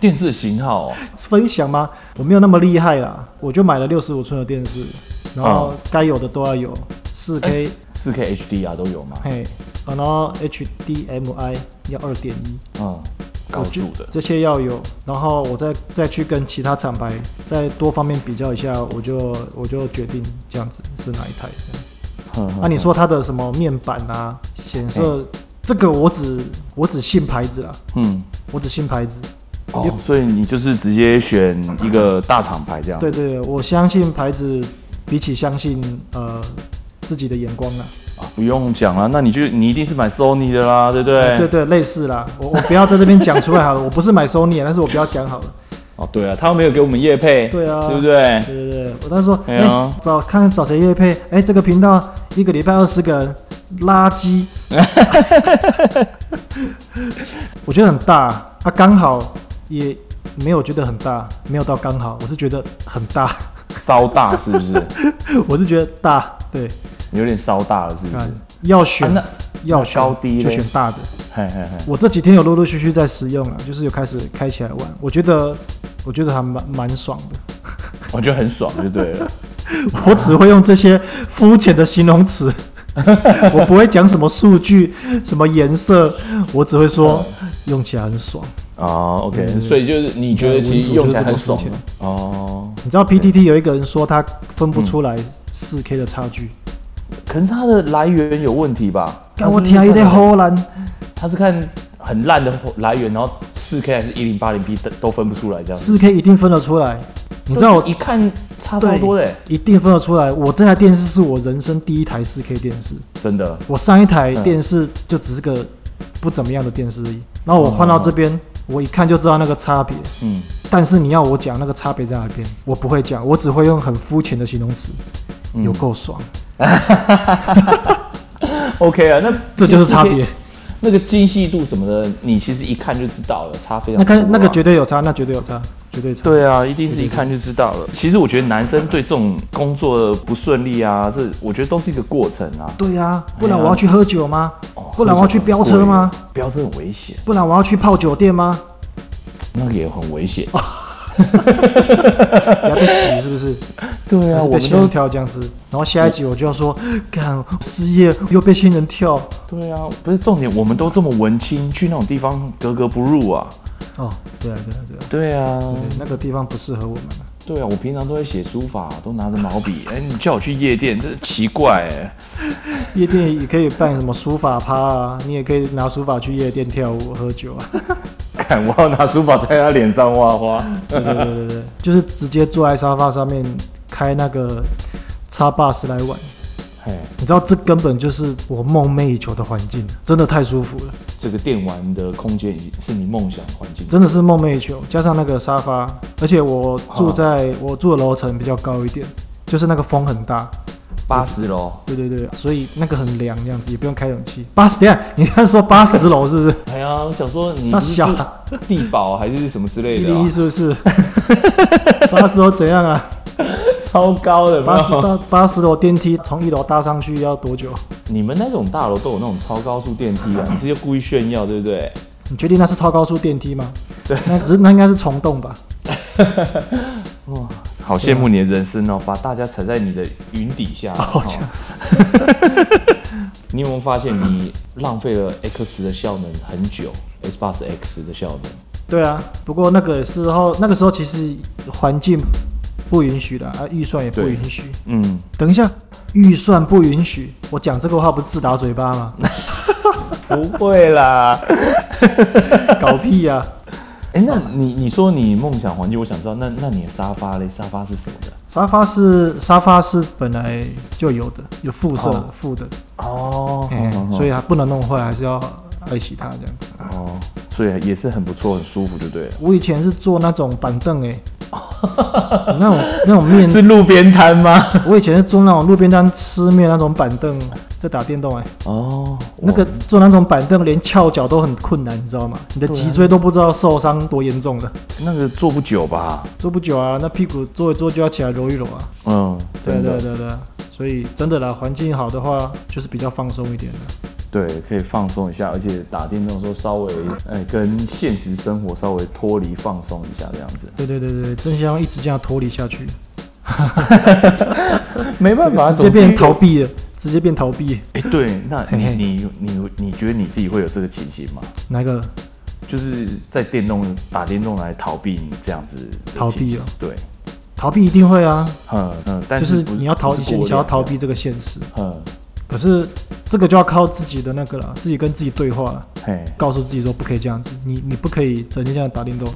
電視型號、哦、分享嗎？我沒有那麼厲害啦，我就買了六十五寸的電視，然後該有的都要有四 K、嗯、欸、四 K HDR 都有嗎？嘿，然後 HDMI 要二點一，嗯，高速的、啊、這些要有，然後我再再去跟其他廠牌再多方面比較一下，我就我就決定這樣子是哪一台這樣子。那、嗯嗯嗯啊、你說它的什麼面板啊、顯色、嗯，這個我只我只信牌子了，嗯，我只信牌子。哦，所以你就是直接選一個大廠牌這樣、啊？對對，我相信牌子，比起相信呃自己的眼光啊，啊，不用講了，那你就你一定是買 Sony 的啦，對對、啊？對對，類似啦。我我不要在這邊講出來好了， 我不是買 Sony，但是我不要講好了。哦、啊，對啊，他沒有給我們業配。對啊，對不對？對對，對我當時說，哎、哦欸，找看找誰業配？哎、欸，這個頻道一個禮拜二十個垃圾， 我覺得很大，啊，剛好。也沒有覺得很大，沒有到剛好，我是覺得很大，稍大是不是？ 我是覺得大，對，有點稍大了，是不是？要選、啊、要選高低、欸，就選大的。嘿嘿嘿，我這幾天有陸陸續續在使用了，就是有開始開起來玩，我覺得我覺得還蠻蠻爽的， 我覺得很爽，就對了。 我只會用這些膚淺的形容詞， 我不會講什麼數據、什麼顏色，我只會說用起來很爽。啊、oh,，OK，、mm -hmm. 所以就是你覺得其實用起來很爽哦。嗯 oh, okay. 你知道 PTT 有一個人說他分不出來四 K 的差距，可是他的來源有問題吧？我天，一個好爛，他是看很爛的來源，然後四 K 還是一零八零 P 都分不出來這樣。四 K 一定分得出來，你知道我一看差這麼多嘞、欸，一定分得出來。我這台電視是我人生第一台四 K 電視，真的。我上一台電視就只是個不怎麼樣的電視而已，然後我換到這邊。嗯嗯嗯我一看就知道那個差別。嗯，但是你要我講那個差別在哪邊，我不會講，我只會用很膚淺的形容詞、嗯，有夠爽。 OK 啊，那這就是差別。那個精細度什麼的，你其實一看就知道了，差非常多啊。那看、個、那個絕對有差，那絕對有差，絕對有差。對啊，一定是一看就知道了。其實我覺得男生對這種工作的不順利啊，這我覺得都是一個過程啊。對啊，不然我要去喝酒嗎？不然我要去飆車嗎？飆車很危險。不然我要去泡、哦、酒、酒店嗎？那也很危險 哈哈哈，被洗是不是？對啊，是被新人跳這樣子，然後下一集我就要說，幹失業又被新人跳。對啊，不是重點，我們都這麼文青，去那種地方格格不入啊。哦，對啊，對啊，對啊。對啊，那個地方不適合我們。對啊，我平常都會寫書法，都拿着毛筆。哎、欸，你叫我去夜店，這奇怪、欸。 夜店也可以辦什麼書法趴啊？你也可以拿書法去夜店跳舞喝酒啊。 我要拿書法在他臉上畫花，對對對對，就是直接坐在沙發上面開那個 Xbox 來玩。你知道這根本就是我夢寐以求的環境，真的太舒服了。這個電玩的空間是你夢想的環境，真的是夢寐以求。加上那個沙發，而且我住在我住的樓層比較高一點，就是那個風很大。八十樓，對對對，所以那個很涼，這樣子也不用開冷氣。八十，等下，你剛才說八十樓是不是？ 哎呀，我想說你是地地地堡還是什麼之類的，啊，第一是不是？八十樓怎樣啊？超高的，八十到八十樓電梯從一樓搭上去要多久？你們那種大樓都有那種超高速電梯啊？你是要故意炫耀對不對？ 你確定那是超高速電梯嗎？對那，那只那應該是蟲洞吧？ 哇！好羨慕你的人生哦，啊、把大家踩在你的雲底下。好、oh, 哦、 你有沒有發現你浪費了 X 的效能很久？S 八是 X 的效能。對啊，不過那個時候，那個時候其實環境不允許的啊，預算也不允許。嗯，等一下，預算不允許，我講這個話不是自打嘴巴嗎？不會啦， 搞屁呀、啊！哎、欸，那你你說你夢想環境，我想知道，那那你的沙發嘞？沙發是什麼的？沙發是沙發是本來就有的，有附色附的哦，oh. 附的 oh. 欸 oh. 所以還不能弄壞，還是要愛惜它這樣子哦。Oh. 所以也是很不錯，很舒服，對不對，我以前是坐那種板凳，哎，那種那種麵是路邊攤嗎？我以前是坐那、欸 oh. 那、那、 那種路邊攤吃麵那種板凳、啊。在打電動哎哦，那個坐那種板凳，連翹腳都很困難，你知道嗎？你的脊椎都不知道受傷多嚴重了啊。那個坐不久吧？坐不久啊，那屁股坐一坐就要起來揉一揉啊。嗯，對對對對，對，所以真的啦，環境好的話就是比較放鬆一點的。對，可以放鬆一下，而且打電動的時候稍微哎跟現實生活稍微脫離，放鬆一下這樣子對。對對對對，真想一直這樣脫離下去 沒辦法，就直接變成逃避了。直接變逃避，哎，對，那你你你你覺得你自己會有這個情形嗎？哪一個？就是在電動打電動來逃避你這樣子？逃避、喔、對，逃避一定會啊嗯，嗯嗯，但是，是、就是、你要逃避，你想要逃避這個現實，嗯，可是這個就要靠自己的那個了，自己跟自己對話了，哎，告訴自己說不可以這樣子，你你不可以整天這樣子打電動，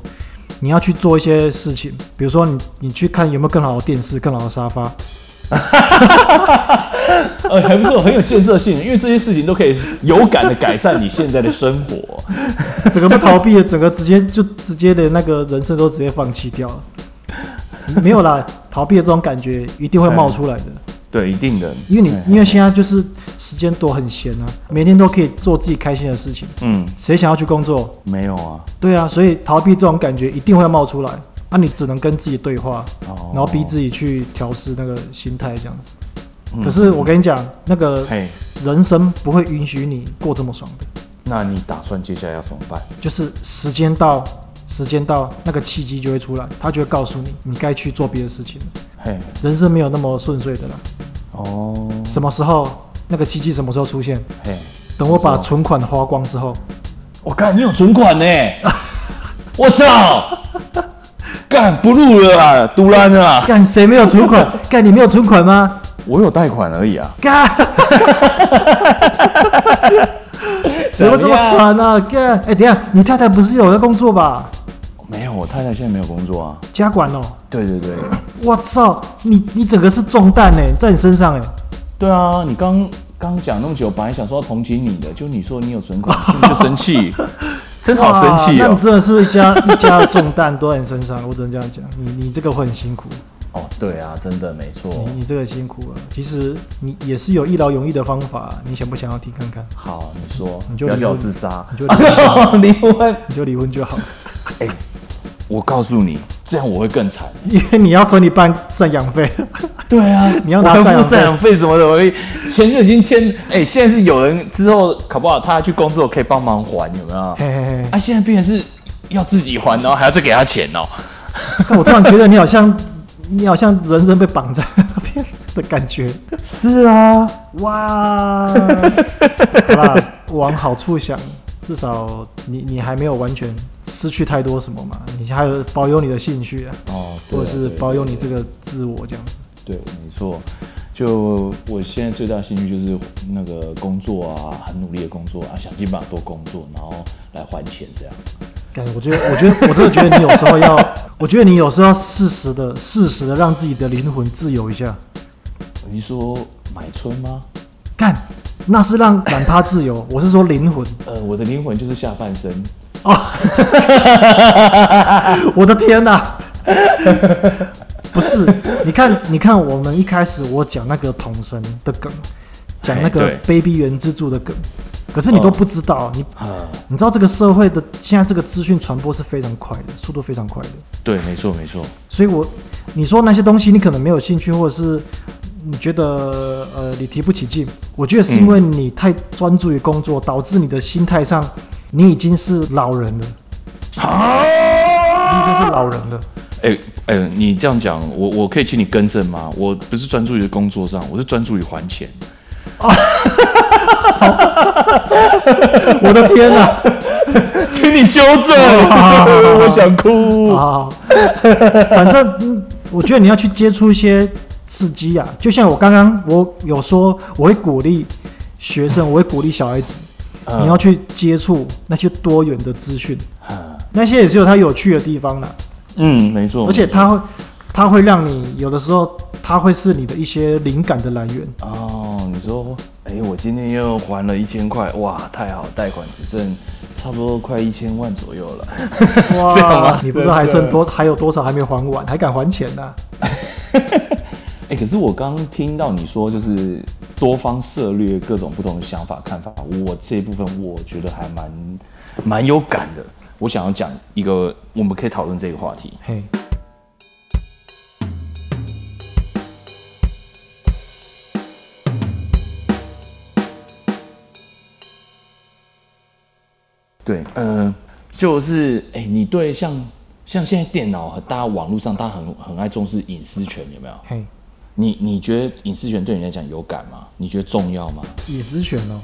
你要去做一些事情，比如說你你去看有沒有更好的電視，更好的沙發。呃， 還不錯，很有建設性，因為這些事情都可以有感的改善你現在的生活。整個不逃避，整個直接就直接連那個人生都直接放棄掉了。沒有啦，逃避的這種感覺一定會冒出來的。嗯、對，一定的。因為你，因為現在就是時間多，很閒啊，每天都可以做自己開心的事情。嗯。誰想要去工作？沒有啊。對啊，所以逃避這種感覺一定會冒出來。那、啊、你只能跟自己對話，然後逼自己去調適那個心態這樣子、嗯。可是我跟你講，那個人生不會允許你過這麼爽的。那你打算接下來要怎麼辦？就是時間到，時間到，那個契機就會出來，他就會告訴你，你該去做別的事情。人生沒有那麼順遂的啦。哦，什麼時候那個契機什麼時候出現候？等我把存款花光之後，我看你有存款呢、欸？ 我操！ 幹不入了啊，賭爛了啦！幹，誰沒有存款？幹 你沒有存款嗎？我有貸款而已啊！幹， 怎麼這麼慘啊？幹，哎、欸，等下，你太太不是有在工作吧？沒有，我太太現在沒有工作啊，家管哦。對對對，我操，你你整個是重擔哎，在你身上哎。對啊，你剛剛講那麼久，本來想說要同情你的，就你說你有存款，不 生氣。真的好生氣哦！那你真的是一家 一家重擔都在你身上，我只能這樣講。你你這個會很辛苦哦，對啊，真的沒錯。你你這個辛苦啊，其實你也是有一勞永逸的方法。你想不想要聽看看？好，你說，你就不要叫我自殺，你就離婚， 婚，你就離婚就好。哎、欸，我告訴你。這樣我會更慘，因為你要分你辦贍養費，對啊，你要拿贍養費什麼的，我錢就已經簽，哎、欸，現在是有人之後，搞不好？他要去工作可以幫忙還，有沒有？嘿嘿嘿啊，現在變成是要自己還哦，然後還要再給他錢哦、喔。但我突然覺得你好像，你好像人生被綁在那邊的感覺。是啊，哇， 好啦，往好處想。至少你你還沒有完全失去太多什麼嘛，你還有保有你的興趣啊，哦，或者是保有你這個自我這樣。對，沒錯。就我現在最大的興趣就是那個工作啊，很努力的工作啊，想盡辦法多工作，然後來還錢這樣。 但是我覺得，我覺得， 我真的覺得你有時候要，我覺得你有時候要適時的、適時的讓自己的靈魂自由一下。你說買春嗎？幹。那是讓軟趴自由， 我是說靈魂。呃，我的靈魂就是下半身。啊！ 我的天哪、啊！ 不是，你看，你看，我們一開始我講那個童聲的梗，講那個卑鄙源之助的梗，可是你都不知道，嗯、你、嗯、你知道這個社會的現在這個資訊傳播是非常快的，速度非常快的。對，沒錯，沒錯。所以我，我你說那些東西，你可能沒有興趣，或者是。你覺得呃，你提不起勁？我覺得是因為你太專注於工作，嗯，導致你的心態上，你已經是老人了，你已經是老人了。哎、欸、哎、欸，你這樣講，我我可以請你更正嗎？我不是專注於工作上，我是專注於還錢。啊、 好 我的天哪，啊， 請你修正， 我想哭。好好好好好好，反正我覺得你要去接觸一些。刺激啊！就像我剛剛我有說，我會鼓勵學生，我會鼓勵小孩子、嗯，你要去接觸那些多元的資訊、嗯，那些也只有它有趣的地方了、啊。嗯，沒錯。而且它會，它會讓你有的時候，它會是你的一些靈感的來源。哦，你說，哎、欸，我今天又還了一千塊，哇，太好，貸款只剩差不多快一千萬左右了。 哇，你不知道還剩多對對對，還有多少還沒還完，還敢還錢呢、啊？ 欸、可是我剛聽到你說，就是多方涉獵、各種不同的想法、看法，我這一部分我覺得還蠻蠻有感的。我想要講一個，我們可以討論這個話題。對，嗯、呃，就是哎、欸，你對像像現在電腦和大家網絡上，大家很很愛重視隱私權，有沒有？嘿。你你覺得隱私權對你來講有感嗎？你覺得重要嗎？隱私權哦，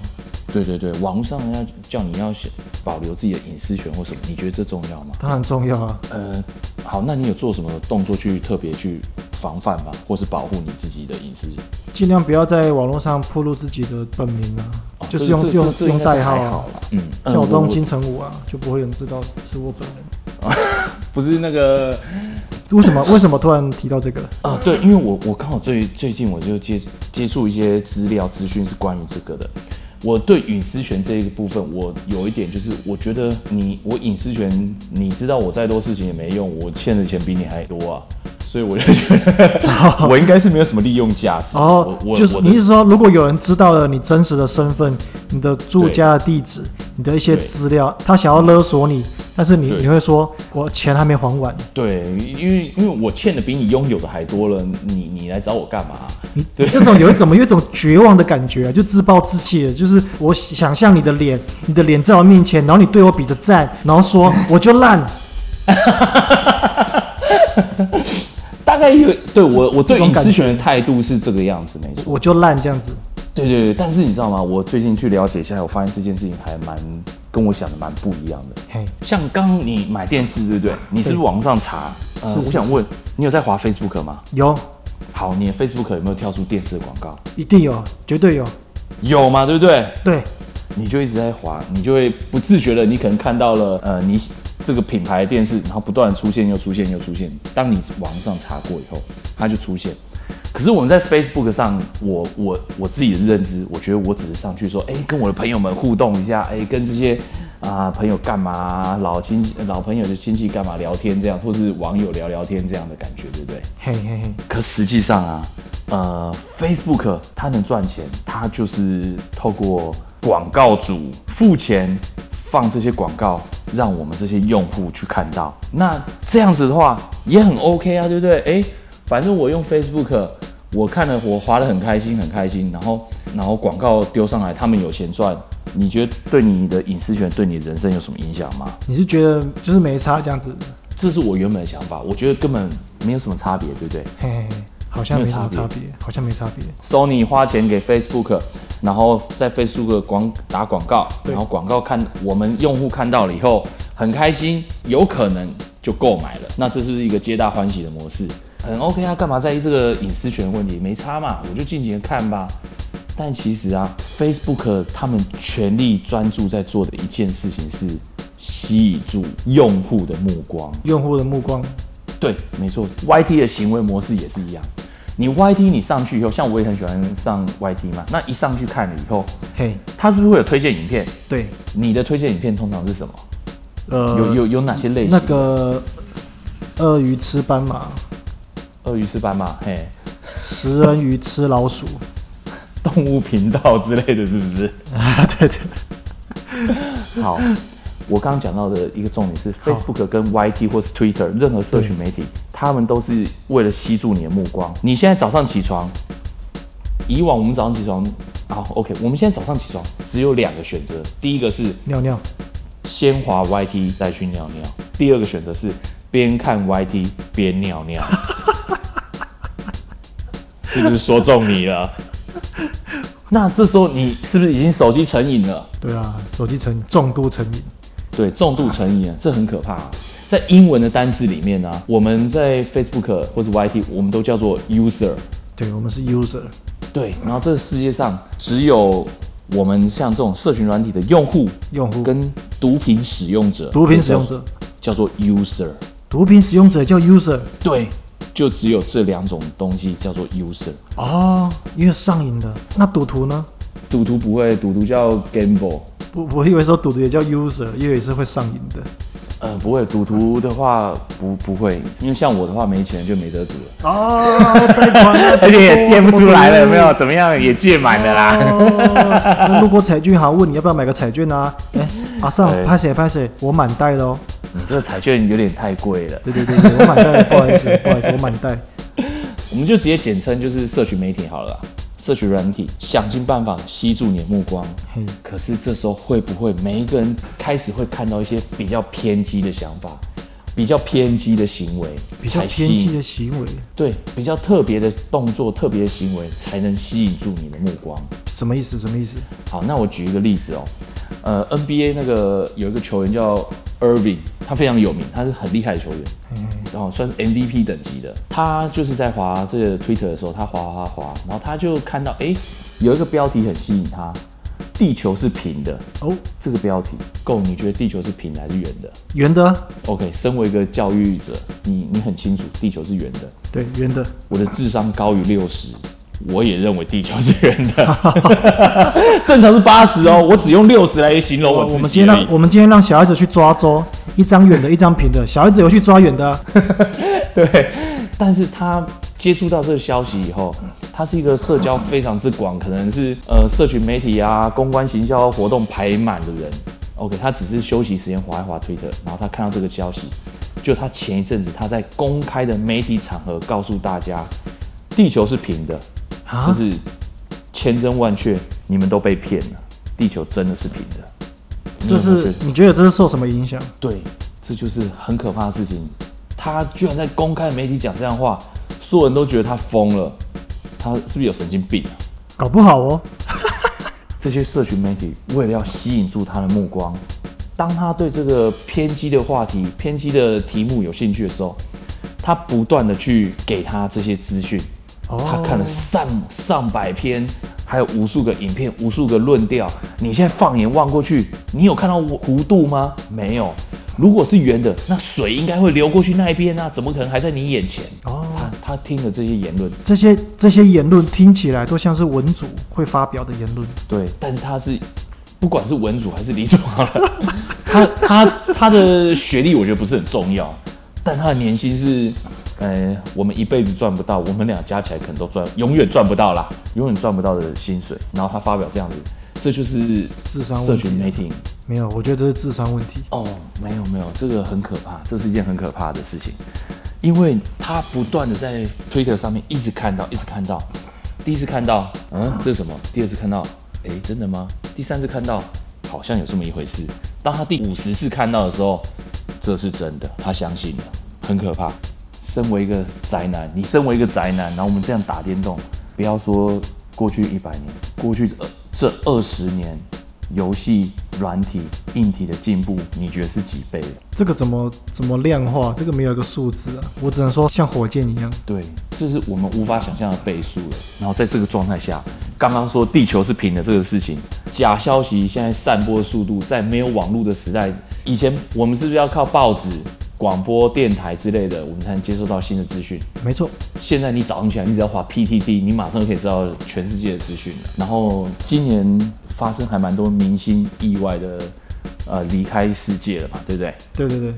對對對，網絡上人家叫你要保留自己的隱私權或什麼，你覺得這重要嗎？當然重要啊。呃，好，那你有做什麼動作去特別去防範嗎？或是保護你自己的隱私權？盡量不要在網絡上披露自己的本名啊，哦、就是用這這這這是、啊、用用代號、啊，嗯，像我都用金城武啊、嗯不不不，就不會有人知道是我本人。 不是那個。為什麼為什麼突然提到這個了？ 啊，對，因為我我剛好最最近我就接接觸一些資料資訊是關於這個的。我對隱私權這一個部分，我有一點就是，我覺得你我隱私權，你知道我再多事情也沒用，我欠的錢比你還多啊。所以我就覺得，我應該是沒有什麼利用價值。 哦，就是你意思說，如果有人知道了你真實的身份、你的住家的地址、你的一些資料，他想要勒索你，嗯、但是你你會說我錢還沒還完。對，因為因為我欠的比你擁有的還多了，你你來找我幹嘛啊？你，對。你這種有一種有一種絕望的感覺，就自暴自棄的，就是我想象你的臉，你的臉在我面前，然後你對我比着讚，然後說我就爛。 大概因為對我，我對隱私權的態度是這個樣子，沒錯。我就爛這樣子。對對對，但是你知道嗎？我最近去了解一下，我發現這件事情還蠻跟我想的蠻不一樣的。嘿像剛你買電視，對不對？你是不是網上查？呃、是,是,是。我想問，你有在滑 Facebook 嗎？有。好，你的 Facebook 有沒有跳出電視的廣告？一定有，絕對有。有嘛？對不對？對。你就一直在滑，你就會不自覺的，你可能看到了，呃，你。這個品牌電視，然後不斷出現又出現又出現。當你網上查過以後，它就出現。可是我們在 Facebook 上，我我我自己的認知，我覺得我只是上去說，哎、欸，跟我的朋友們互動一下，哎、欸，跟這些啊、呃、朋友幹嘛，老親老朋友的親戚幹嘛聊天這樣，或是網友聊聊天這樣的感覺，對不對？嘿嘿嘿。可實際上啊，呃，Facebook 它能賺錢，它就是透過廣告主付錢。放這些廣告，讓我們這些用戶去看到。那這樣子的話也很 OK 啊，對不對？哎，反正我用 Facebook，我看了，我滑得很開心，很開心。然後，然後廣告丟上來，他們有錢賺。你覺得對你的隱私權，對你人生有什麼影響嗎？你是覺得就是沒差這樣子的？這是我原本的想法，我覺得根本沒有什麼差別，對不對？嘿嘿，好像沒什麼差別，沒差別，好像沒差別。Sony 花錢給 Facebook。然後在 Facebook 廣打廣告，然後廣告看我們用戶看到了以後很開心，有可能就購買了。那這是一個皆大歡喜的模式，很 OK 啊。幹嘛在意這個隱私權問題？沒差嘛，我就盡情的看吧。但其實啊，Facebook 他們全力專注在做的一件事情是吸引住用戶的目光。用戶的目光，對，沒錯。YT 的行為模式也是一樣。你 YT 你上去以後，像我也很喜歡上 YT 嘛。那一上去看了以後，嘿，它是不是會有推薦影片？對，你的推薦影片通常是什麼？呃，有有有哪些類型？那個鱷魚吃斑馬，鱷魚吃斑馬，嘿，食人魚吃老鼠， 動物頻道之類的是不是？啊，對對。好，我剛剛講到的一個重點是 Facebook 跟 YT 或是 Twitter，任何社群媒體。他們都是為了吸住你的目光。你現在早上起床，以往我們早上起床，好，OK，我們現在早上起床只有兩個選擇：第一個是尿尿，先滑 YT 再去尿尿；第二個選擇是邊看 YT 邊尿尿。 是不是說中你了？那這時候你是不是已經手機成癮了？對啊，手機成重度成癮。對，重度成癮，這很可怕啊。在英文的單字裡面呢、啊，我們在 Facebook 或者 YT，我們都叫做 user，對，我們是 user，對。然後這個世界上只有我們像這種社群軟體的用戶，用戶跟毒品使用者，毒品使用者叫，叫做 user，毒品使用者叫 user，對，就只有這兩種東西叫做 user，哦，因為上癮的。那賭徒呢？賭徒不會，賭徒叫 gamble。我我以為說賭徒也叫 user，因為也是會上癮的。呃，不會，賭徒的話不不會，因為像我的話沒錢就沒得賭了。哦，貸款最 而且也借不出來了，有沒有？怎麼樣了，也借滿的啦。哦、那路過彩券行問你要不要買個彩券啊？哎、欸，阿、啊、上拍寫拍寫，我滿帶了。你這個彩券有點太貴了。對對對，我滿袋，不好意思，不好意思，我滿帶、喔嗯這個、我， 我，我們就直接簡稱就是社群媒體好了啦。社群軟體想盡辦法吸住你的目光，嗯，可是這時候會不會每一個人開始會看到一些比較偏激的想法？比較偏激的行為，比較偏激的行為，對，比較特別的動作、特別的行為，才能吸引住你的目光。什麼意思？什麼意思？好，那我舉一個例子哦。呃，NBA 那個有一個球員叫 Irving，他非常有名，他是很厲害的球員，然後算是 MVP 等級的。他就是在滑這個 Twitter 的時候，他滑滑滑滑，然後他就看到哎、欸，有一個標題很吸引他。地球是平的哦，這個標題夠？夠你覺得地球是平的還是圓的？圓的、啊。OK，身為一個教育者，你你很清楚地球是圓的。對，圓的。我的智商高於六十，我也認為地球是圓的。哈哈哈哈 正常是八十哦，我只用六十來形容我自己。我們今天讓，我們今天讓小孩子去抓周，一張圓的，一張平的。小孩子有去抓圓的、啊。 對， 但是他接觸到這個消息以後。他是一個社交非常之廣、嗯，可能是呃，社群媒體啊，公關行銷活動排滿的人。OK，他只是休息時間滑一滑推特，然後他看到這個消息，就他前一陣子他在公開的媒體場合告訴大家，地球是平的，就、啊、這是千真萬確，你們都被騙了，地球真的是平的。這是你有沒有覺得，你覺得這是受什麼影響？對，這就是很可怕的事情。他居然在公開媒體講這樣的話，所有人都覺得他瘋了。他是不是有神經病啊？搞不好哦。這些社群媒體為了要吸引住他的目光，當他對這個偏激的話題、偏激的題目有興趣的時候，他不斷的去給他這些資訊。他看了上上百篇，還有無數個影片、無數個論調。你現在放眼望過去，你有看到弧度嗎？沒有。如果是圓的，那水應該會流過去那一邊啊，那怎麼可能還在你眼前？他聽的這些言論，這些這些言論聽起來都像是文組會發表的言論。對，但是他是，不管是文組還是理組， 他他他的學歷我覺得不是很重要，但他的年薪是，呃，我們一輩子賺不到，我們倆加起來可能都賺，永遠賺不到啦，永遠賺不到的薪水。然後他發表這樣子，這就是智商社群媒體。沒有，我覺得這是智商問題。哦、oh，沒有沒有，這個很可怕，這是一件很可怕的事情。因為他不斷地在推特上面一直看到，一直看到，第一次看到，嗯，這是什麼？第二次看到，誒，真的嗎？第三次看到，好像有這麼一回事。當他第五十次看到的時候，這是真的，他相信了。很可怕。身為一個宅男，你身為一個宅男，然後我們這樣打電動，不要說過去一百年，過去呃這二十年，遊戲。軟體、硬體的進步，你覺得是幾倍的？這個怎麼怎麼量化？這個沒有一個數字啊，我只能說像火箭一樣。對，這是我們無法想象的倍數了。然後在這個狀態下，剛剛說地球是平的這個事情，假消息現在散播的速度，在沒有網絡的時代，以前我們是不是要靠報紙？廣播電台之類的，我們才能接收到新的資訊。沒錯，現在你早上起來，你只要滑 PTT，你馬上就可以知道全世界的資訊了。然後今年發生還蠻多明星意外的，呃，離開世界了嘛，對不對？對對對。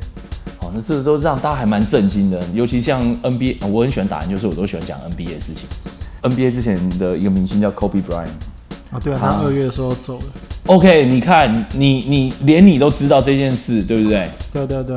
好、哦，那這個都讓大家還蠻震驚的，尤其像 NBA，我很喜歡打籃球，是我都喜歡講 NBA 的事情。NBA 之前的一個明星叫 Kobe Bryant 啊，對啊，啊他二月的時候走了。OK，你看，你你，你連你都知道這件事，對不對？對對對。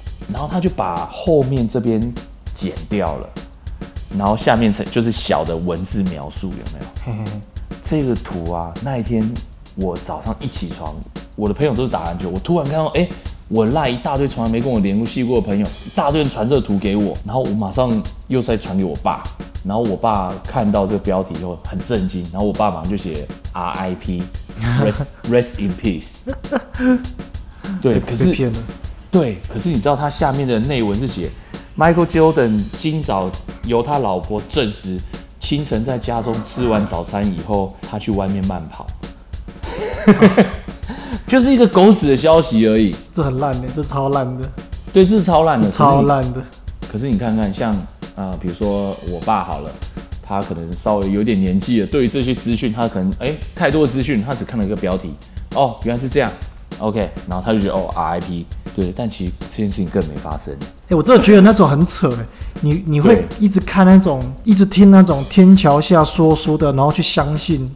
然後他就把後面這邊剪掉了，然後下面層就是小的文字描述，有沒有嘿嘿？這個圖啊，那一天我早上一起床，我的朋友都是打籃球，我突然看到，哎，我那一大堆從來沒跟我聯繫過的朋友，一大堆人傳這個圖給我，然後我馬上又再傳給我爸，然後我爸看到這個標題以後很震驚，然後我爸馬上就寫 R I P，Rest in peace。 對，可是。對，可是你知道他下面的內文是寫，Michael Jordan 今早由他老婆證實，清晨在家中吃完早餐以後，他去外面慢跑 就是一個狗屎的消息而已。這很爛哎，這超爛的。對，這超爛的，超爛的，超爛的。可是你看看，像啊、呃，比如說我爸好了，他可能稍微有點年紀了，對於這些資訊，他可能哎太多的資訊，他只看了一個標題，哦，原來是這樣，OK，然後他就覺得哦，RIP。對，但其實這件事情更沒發生。哎、欸，我真的覺得那種很扯哎、欸，你你會一直看那種，一直聽那種天橋下說書的，然後去相信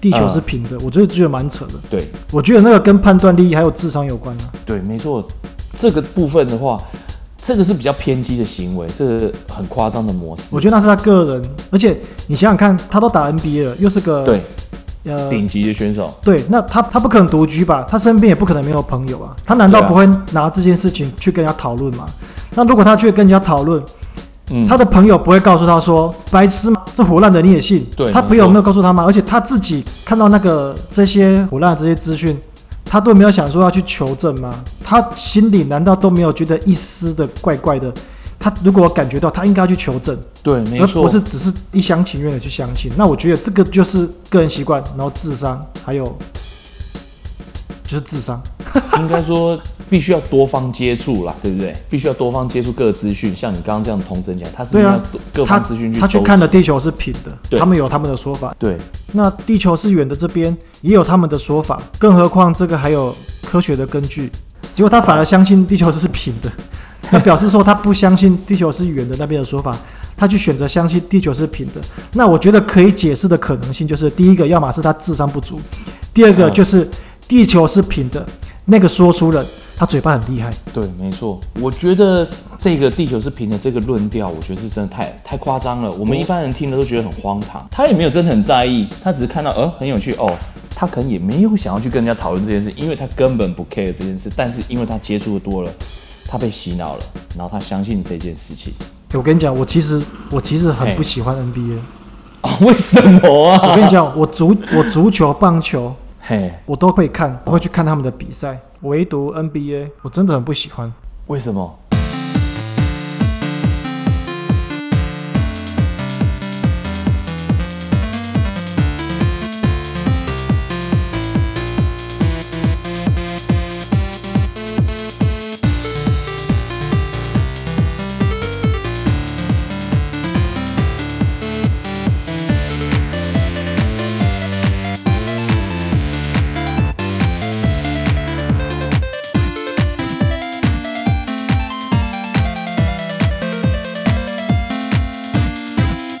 地球是平的，呃、我就覺得蠻扯的。對，我覺得那個跟判斷力還有智商有關了、啊。對，沒錯，這個部分的話，這個是比較偏激的行為，這個很誇張的模式。我覺得那是他個人，而且你想想看，他都打 NBA 了，又是個對。呃，頂級的選手、呃、對，那他他不可能獨居吧？他身邊也不可能沒有朋友啊。他難道不會拿這件事情去跟人家討論嗎？啊、那如果他去跟人家討論、嗯，他的朋友不會告訴他說“白痴嘛，這唬爛的你也信、嗯”？對，他朋友沒有告訴他嗎？嗯、而且他自己看到那個這些唬爛的這些資訊，他都沒有想說要去求證嗎？他心裡難道都沒有覺得一絲的怪怪的？他如果感覺到他應該要去求證，對，沒錯，而不是只是一廂情願的去相信。那我覺得這個就是個人習慣，然後智商還有就是智商， 應該說必須要多方接觸啦，對不對？必須要多方接觸各個資訊。像你剛剛這樣同城講，他是對啊，各方資訊去他，他去看的地球是平的，他們有他們的說法。對，那地球是圓的這邊也有他們的說法，更何況這個還有科學的根據，結果他反而相信地球是平的。他表示說他不相信地球是圓的那邊的說法，他去選擇相信地球是平的。那我覺得可以解釋的可能性就是：第一個，要麼是他智商不足；第二個，就是、嗯、地球是平的。那個說書人他嘴巴很厲害。對，沒錯。我覺得這個地球是平的這個論調，我覺得是真的太太誇張了。我們一般人聽了都覺得很荒唐。他也沒有真的很在意，他只是看到呃很有趣哦。他可能也沒有想要去跟人家討論這件事，因為他根本不 care 這件事。但是因為他接觸的多了。他被洗腦了，然後他相信這件事情。我跟你講，我其實我其實很不喜歡 NBA。Hey. Oh, 為什麼啊？我跟你講，我足我足球、棒球，嘿，Hey，我都會看，我會去看他們的比賽，唯獨 NBA，我真的很不喜歡。為什麼？